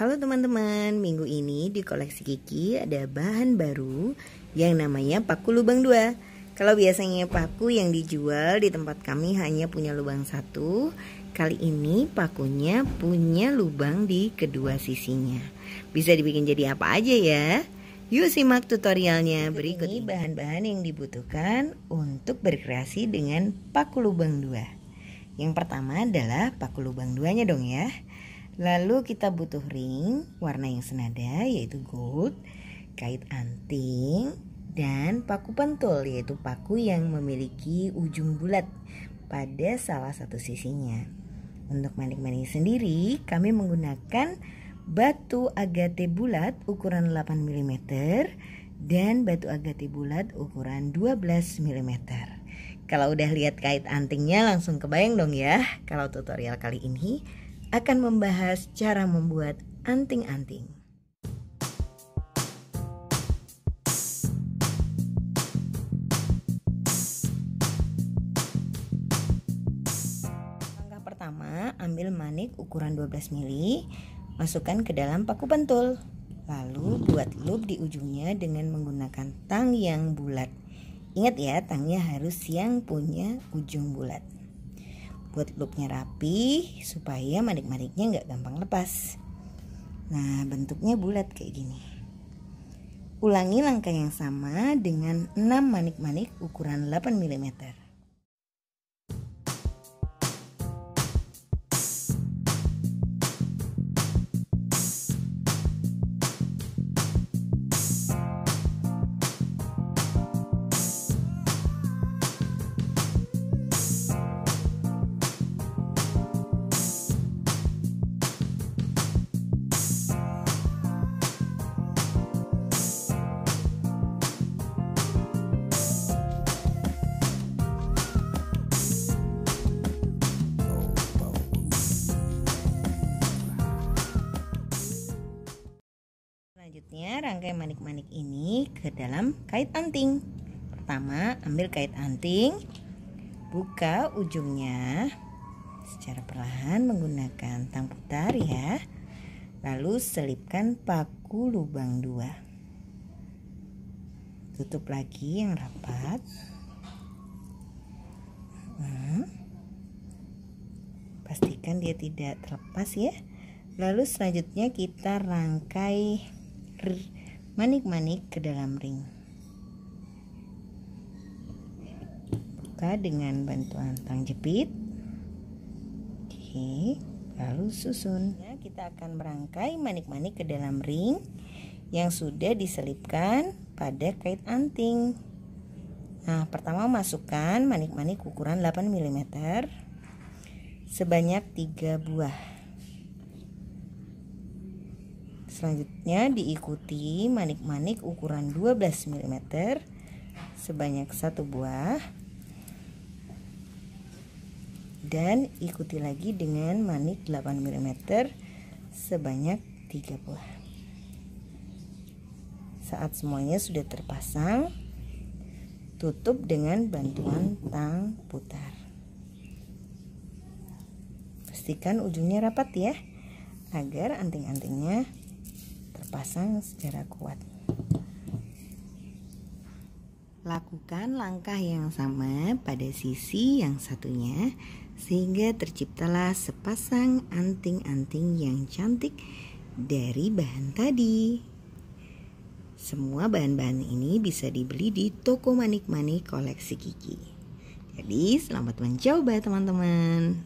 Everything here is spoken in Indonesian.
Halo teman-teman, minggu ini di koleksi Kiki ada bahan baru yang namanya paku lubang 2 Kalau biasanya paku yang dijual di tempat kami hanya punya lubang satu Kali ini pakunya punya lubang di kedua sisinya Bisa dibikin jadi apa aja ya Yuk simak tutorialnya berikut ini bahan-bahan yang dibutuhkan untuk berkreasi dengan paku lubang 2 Yang pertama adalah paku lubang duanya dong ya Lalu kita butuh ring warna yang senada yaitu gold, kait anting, dan paku pentul yaitu paku yang memiliki ujung bulat pada salah satu sisinya. Untuk manik-manik sendiri, kami menggunakan batu agate bulat ukuran 8 mm dan batu agate bulat ukuran 12 mm. Kalau udah lihat kait antingnya langsung kebayang dong ya kalau tutorial kali ini akan membahas cara membuat anting-anting. Langkah pertama, ambil manik ukuran 12 mili, masukkan ke dalam paku pentul. Lalu buat loop di ujungnya dengan menggunakan tang yang bulat. Ingat ya, tangnya harus yang punya ujung bulat buat loopnya rapi supaya manik-maniknya nggak gampang lepas nah bentuknya bulat kayak gini ulangi langkah yang sama dengan 6 manik-manik ukuran 8 mm Selanjutnya rangkai manik-manik ini ke dalam kait anting. Pertama, ambil kait anting, buka ujungnya secara perlahan menggunakan tang putar ya. Lalu selipkan paku lubang dua. Tutup lagi yang rapat. Hmm. Pastikan dia tidak terlepas ya. Lalu selanjutnya kita rangkai manik-manik ke dalam ring. Buka dengan bantuan tang jepit. Oke, lalu susun. Ya, kita akan merangkai manik-manik ke dalam ring yang sudah diselipkan pada kait anting. Nah, pertama masukkan manik-manik ukuran 8 mm sebanyak 3 buah. Selanjutnya diikuti manik-manik ukuran 12 mm sebanyak satu buah. Dan ikuti lagi dengan manik 8 mm sebanyak tiga buah. Saat semuanya sudah terpasang, tutup dengan bantuan tang putar. Pastikan ujungnya rapat ya, agar anting-antingnya terpasang secara kuat. Lakukan langkah yang sama pada sisi yang satunya sehingga terciptalah sepasang anting-anting yang cantik dari bahan tadi. Semua bahan-bahan ini bisa dibeli di toko manik-manik koleksi Kiki. Jadi, selamat mencoba teman-teman.